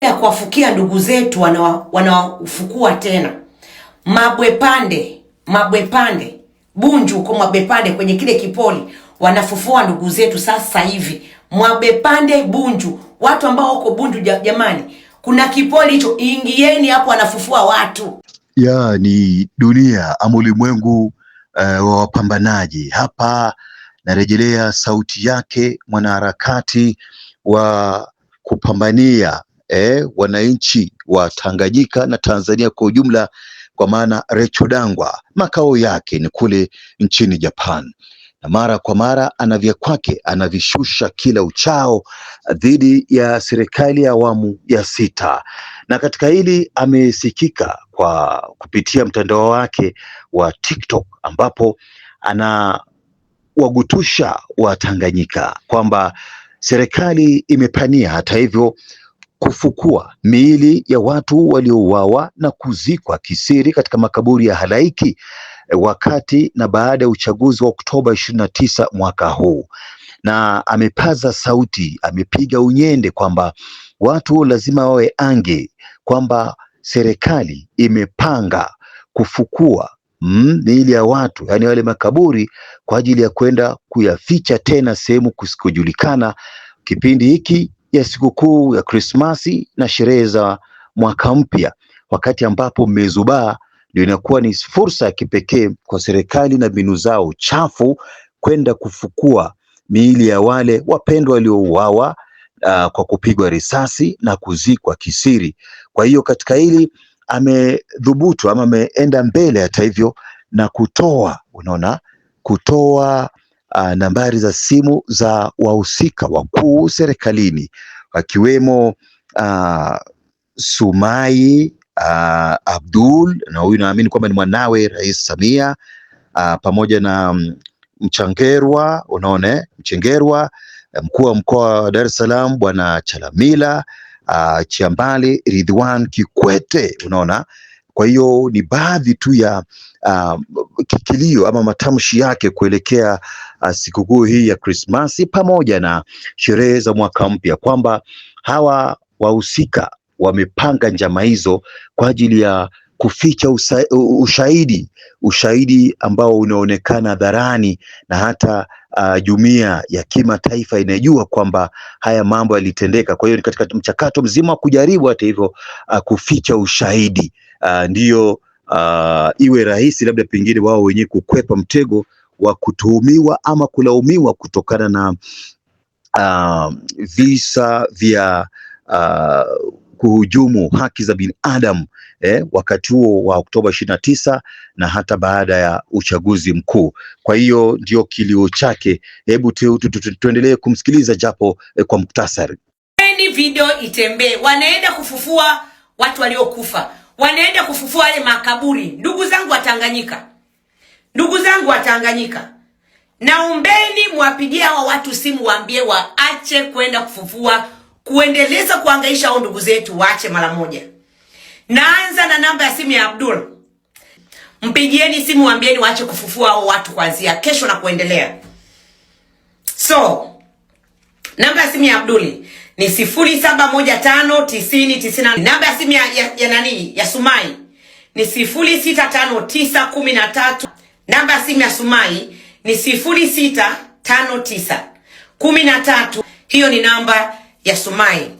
ya kuwafukia ndugu zetu wanawafukua tena Mabwepande, Mabwepande Bunju huko Mabwepande kwenye kile kipoli wanafufua ndugu zetu sasa hivi mwabepande Bunju, watu ambao wako Bunju jamani, kuna kipoli hicho, ingieni hapo, wanafufua watu. Ya ni dunia ama ulimwengu eh, wa uh, wapambanaji. Hapa narejelea sauti yake mwanaharakati wa kupambania eh, wananchi wa Tanganyika na Tanzania kwa ujumla, kwa maana rechodangwa Dangwa makao yake ni kule nchini Japan na mara kwa mara anavya kwake anavishusha kila uchao dhidi ya serikali ya awamu ya sita, na katika hili amesikika kwa kupitia mtandao wake wa TikTok ambapo anawagutusha tanganyika kwamba serikali imepania, hata hivyo kufukua miili ya watu waliouawa na kuzikwa kisiri katika makaburi ya halaiki eh, wakati na baada ya uchaguzi wa Oktoba 29 tisa mwaka huu, na amepaza sauti, amepiga unyende kwamba watu lazima wawe ange kwamba serikali imepanga kufukua mm, miili ya watu yaani wale makaburi kwa ajili ya kwenda kuyaficha tena sehemu kusikojulikana. Kipindi hiki ya sikukuu ya Krismasi na sherehe za mwaka mpya, wakati ambapo mezubaa ndio inakuwa ni fursa ya kipekee kwa serikali na mbinu zao chafu kwenda kufukua miili ya wale wapendwa waliouawa uh, kwa kupigwa risasi na kuzikwa kisiri. Kwa hiyo katika hili amedhubutu ama ameenda mbele hata hivyo na kutoa unaona, kutoa Ah, nambari za simu za wahusika wakuu serikalini wakiwemo ah, Sumai uh, Abdul na huyu naamini kwamba ni mwanawe Rais Samia uh, pamoja na mm, Mchangerwa, unaone eh, Mchengerwa, mkuu wa mkoa wa Dar es Salaam Bwana Chalamila uh, Chiambali Ridhiwan Kikwete, unaona kwa hiyo ni baadhi tu ya uh, ah, kikilio ama matamshi yake kuelekea uh, sikukuu hii ya Krismasi pamoja na sherehe za mwaka mpya, kwamba hawa wahusika wamepanga njama hizo kwa ajili ya kuficha usa, ushahidi ushahidi ambao unaonekana hadharani na hata uh, ah, jumuiya ya kimataifa inajua kwamba haya mambo yalitendeka. Kwa hiyo ni katika mchakato mzima wa kujaribu hata hivyo uh, kuficha ushahidi uh, ndiyo uh, iwe rahisi labda pengine wao wenyewe kukwepa mtego wa kutuhumiwa ama kulaumiwa kutokana na uh, visa vya uh, kuhujumu haki za binadamu eh, wakati huo wa Oktoba ishirini na tisa na hata baada ya uchaguzi mkuu. Kwa hiyo ndio kilio chake. Hebu tuendelee kumsikiliza japo eh, kwa muktasari. Video itembee, wanaenda kufufua watu waliokufa wanaenda kufufua yale makaburi. Ndugu zangu wa Tanganyika, ndugu zangu wa Tanganyika, naombeni mwapigie hawa watu simu, waambie waache kwenda kufufua, kuendeleza kuangaisha hao ndugu zetu, waache mara moja. Naanza na namba ya simu ya Abdul, mpigieni simu, waambieni waache kufufua hao watu kuanzia kesho na kuendelea. So namba ya simu ya Abduli ni sifuri saba moja tano tisini tisina namba ya simu ya, ya, ya nani ya Sumai ni sifuri sita tano tisa kumi na tatu namba ya simu ya Sumai ni sifuri sita tano tisa kumi na tatu hiyo ni namba ya Sumai.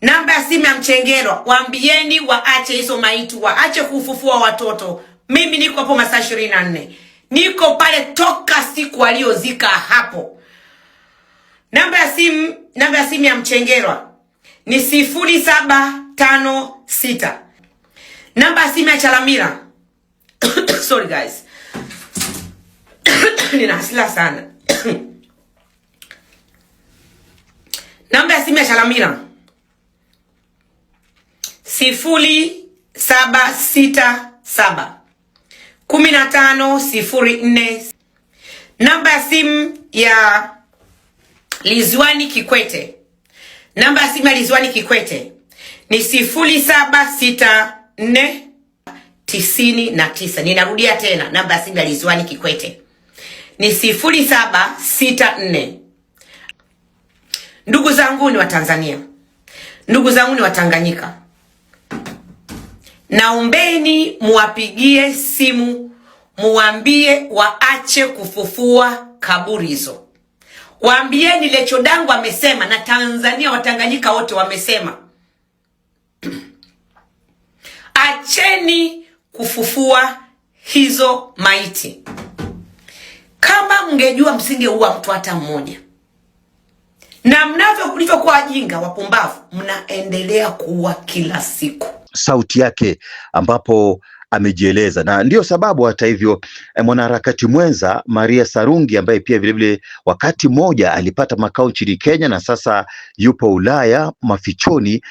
Namba ya simu ya Mchengerwa, waambieni waache hizo maiti, waache kufufua watoto. Mimi niko hapo masaa ishirini na nne niko pale toka siku aliyozika hapo. Namba ya simu namba ya simu ya Mchengerwa ni sifuri saba tano sita. Namba ya simu ya Chalamila sorry guys nina hasila sana namba ya simu ya Chalamila sifuri saba sita saba kumi na tano sifuri nne. Namba ya simu ya Lizwani Kikwete, namba ya simu ya Lizwani Kikwete ni sifuri saba sita nne tisini na tisa. Ninarudia tena, namba ya simu ya Lizwani Kikwete ni sifuri saba sita nne. Ndugu zangu ni Watanzania, ndugu zangu ni Watanganyika, naombeni muwapigie simu muwambie waache kufufua kaburi hizo. Waambieni Lecho Dangu amesema na Tanzania Watanganyika wote wamesema, acheni kufufua hizo maiti. Kama mngejua msingeua mtu hata mmoja, na mnavyo mlivyokuwa wajinga wapumbavu, mnaendelea kuua kila siku. Sauti yake ambapo amejieleza, na ndiyo sababu hata hivyo eh, mwanaharakati mwenza Maria Sarungi ambaye pia vilevile wakati mmoja alipata makao nchini Kenya na sasa yupo Ulaya mafichoni,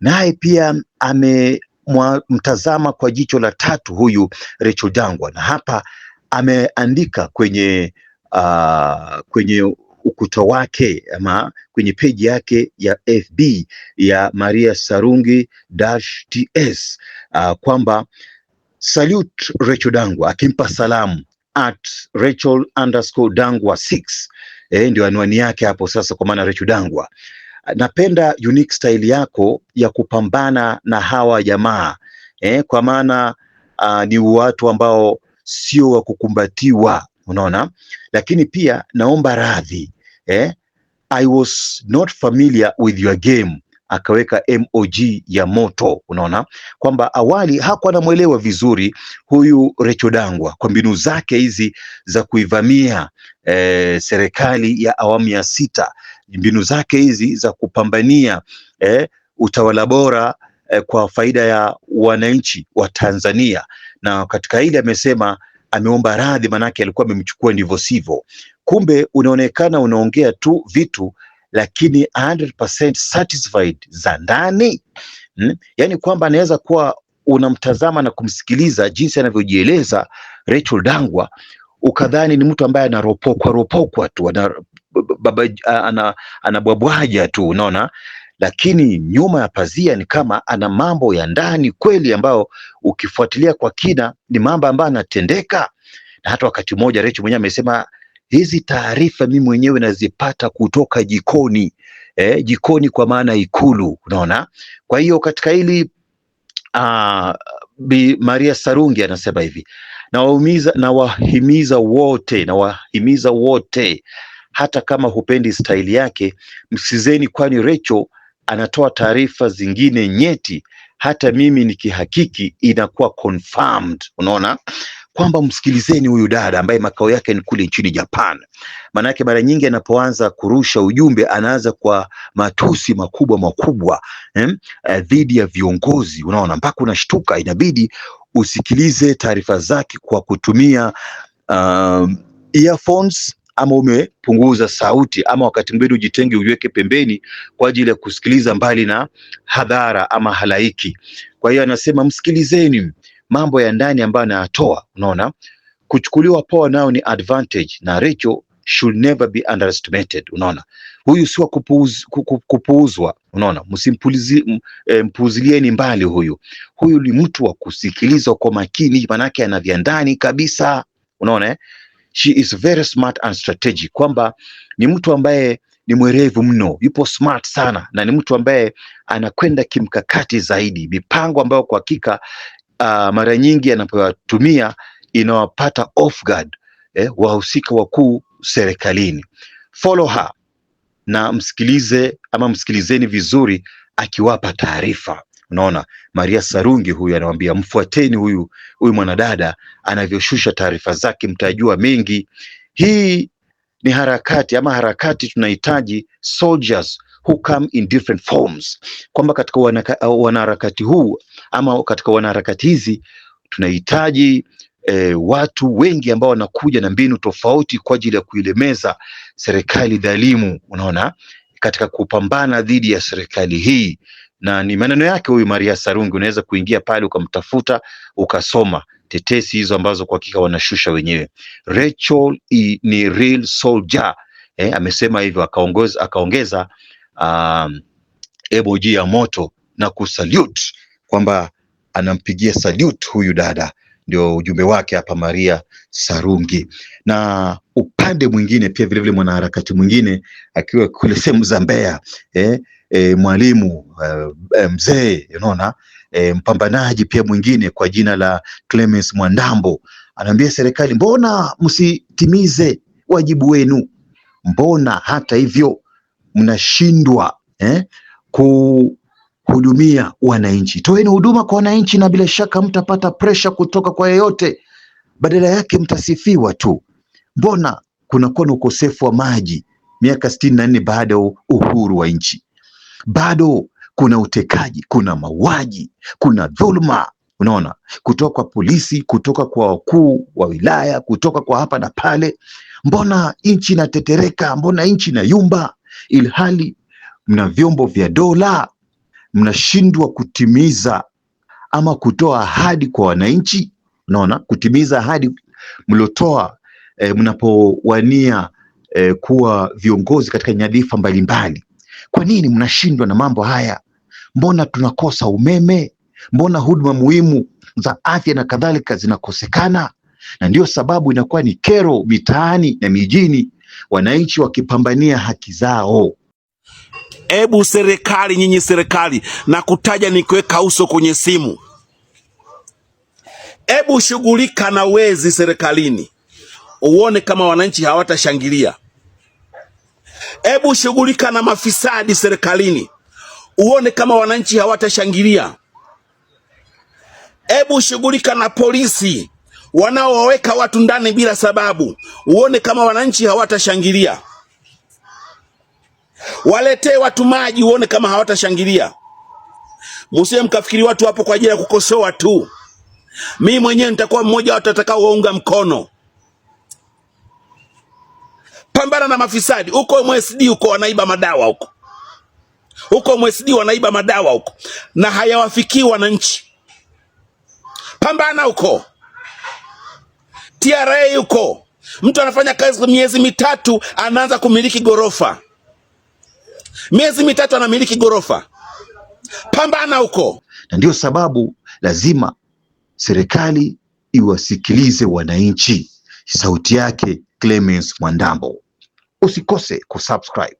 naye pia amemtazama kwa jicho la tatu huyu Rachel Dangwa, na hapa ameandika kwenye uh, kwenye ukuta wake ama kwenye peji yake ya FB ya Maria Sarungi-TS uh, ah, kwamba Salute Rachel Dangwa akimpa salamu at Rachel underscore Dangwa 6 eh, ndio anwani yake hapo sasa, kwa maana Rachel Dangwa, napenda unique style yako ya kupambana na hawa jamaa eh, kwa maana uh, ni watu ambao sio wa kukumbatiwa, unaona, lakini pia naomba radhi eh, I was not familiar with your game akaweka MOG ya moto. Unaona kwamba awali hakuwa anamwelewa vizuri huyu Recho Dangwa kwa mbinu zake hizi za kuivamia e, serikali ya awamu ya sita, mbinu zake hizi za kupambania e, utawala bora e, kwa faida ya wananchi wa Tanzania. Na katika hili amesema ameomba radhi, manake alikuwa amemchukua ndivyo sivyo. Kumbe unaonekana unaongea tu vitu lakini 100% satisfied za ndani hmm? Yani kwamba anaweza kuwa unamtazama na kumsikiliza jinsi anavyojieleza Rachel Dangwa, ukadhani ni mtu ambaye anaropokwa ropokwa tu ana, baba, ana, anabwabwaja tu unaona, lakini nyuma ya pazia ni kama ana mambo ya ndani kweli, ambayo ukifuatilia kwa kina ni mambo ambayo anatendeka, na hata wakati mmoja Rachel mwenyewe amesema hizi taarifa mimi mwenyewe nazipata kutoka jikoni eh, jikoni kwa maana Ikulu, unaona. Kwa hiyo katika hili uh, Bi Maria Sarungi anasema hivi, nawahimiza na wote, nawahimiza wote, hata kama hupendi staili yake msizeni, kwani Recho anatoa taarifa zingine nyeti, hata mimi nikihakiki inakuwa confirmed, unaona kwamba msikilizeni huyu dada ambaye makao yake ni kule nchini Japan. Maanake mara nyingi anapoanza kurusha ujumbe anaanza kwa matusi makubwa makubwa hmm, eh, dhidi ya viongozi, unaona mpaka unashtuka, inabidi usikilize taarifa zake kwa kutumia um, earphones ama umepunguza sauti ama wakati mwingine ujitenge uiweke pembeni kwa ajili ya kusikiliza mbali na hadhara ama halaiki. Kwa hiyo anasema msikilizeni mambo ya ndani ambayo anayatoa. Unaona, kuchukuliwa poa nao ni advantage, na Rachel should never be underestimated. Unaona, huyu si wa kupuuzwa. Unaona, msimpuuzilieni eh, mbali huyu. Huyu ni mtu wa kusikilizwa kwa makini, manake ana vya ndani kabisa. Unaona, eh? she is very smart and strategic, kwamba ni mtu ambaye ni mwerevu mno, yupo smart sana, na ni mtu ambaye anakwenda kimkakati zaidi, mipango ambayo kwa hakika uh, mara nyingi anapoyatumia inawapata off guard eh, wahusika wakuu serikalini. Follow her na msikilize ama msikilizeni vizuri akiwapa taarifa. Unaona, Maria Sarungi huyu anawambia mfuateni huyu huyu mwanadada anavyoshusha taarifa zake, mtajua mengi. Hii ni harakati ama harakati tunahitaji soldiers who come in different forms, kwamba katika wanaharakati huu ama katika wanaharakati hizi tunahitaji E, watu wengi ambao wanakuja na mbinu tofauti kwa ajili ya kuilemeza serikali dhalimu, unaona, katika kupambana dhidi ya serikali hii. Na ni maneno yake huyu Maria Sarungi, unaweza kuingia pale ukamtafuta ukasoma tetesi hizo ambazo kwa hakika wanashusha wenyewe. Rachel i, ni real soldier e, amesema hivyo, akaongeza akaongeza um, emoji ya moto na kusalute kwamba anampigia salute huyu dada, ndio ujumbe wake hapa Maria Sarungi. Na upande mwingine pia vilevile mwanaharakati mwingine akiwa kule sehemu za Mbeya eh, eh, mwalimu eh, mzee unaona eh, mpambanaji pia mwingine kwa jina la Clemens Mwandambo anaambia serikali, mbona msitimize wajibu wenu? Mbona hata hivyo mnashindwa eh, ku hudumia wananchi, toeni huduma kwa wananchi, na bila shaka mtapata presha kutoka kwa yeyote, badala yake mtasifiwa tu. Mbona kunakuwa na ukosefu wa maji miaka sitini na nne baada ya uhuru wa nchi? Bado kuna utekaji, kuna mauaji, kuna dhuluma, unaona, kutoka kwa polisi, kutoka kwa wakuu wa wilaya, kutoka kwa hapa na pale. Mbona nchi inatetereka? Mbona nchi inayumba, ilhali mna vyombo vya dola mnashindwa kutimiza ama kutoa ahadi kwa wananchi. Unaona, kutimiza ahadi mliotoa e, mnapowania e, kuwa viongozi katika nyadhifa mbalimbali. Kwa nini mnashindwa na mambo haya? Mbona tunakosa umeme? Mbona huduma muhimu za afya na kadhalika zinakosekana? Na ndio sababu inakuwa ni kero mitaani na mijini, wananchi wakipambania haki zao. Ebu serikali, nyinyi serikali, na kutaja nikiweka uso kwenye simu, ebu shughulika na wezi serikalini, uone kama wananchi hawatashangilia. Ebu shughulika na mafisadi serikalini, uone kama wananchi hawatashangilia. Ebu shughulika na polisi wanaowaweka watu ndani bila sababu, uone kama wananchi hawatashangilia. Waletee watu maji, uone kama hawatashangilia. Msiye mkafikiri watu wapo kwa ajili ya kukosoa tu. Mi mwenyewe nitakuwa mmoja watu atakao waunga mkono. Pambana na mafisadi huko MSD, huko wanaiba madawa huko huko MSD wanaiba madawa huko, na hayawafikii wananchi. Pambana huko TRA huko, mtu anafanya kazi miezi mitatu anaanza kumiliki gorofa miezi mitatu anamiliki ghorofa. Pambana huko. Na ndio sababu lazima serikali iwasikilize wananchi. Sauti yake Clemens Mwandambo. Usikose kusubscribe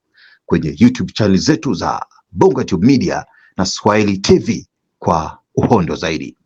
kwenye YouTube channel zetu za Bonga Tube Media na Swahili TV kwa uhondo zaidi.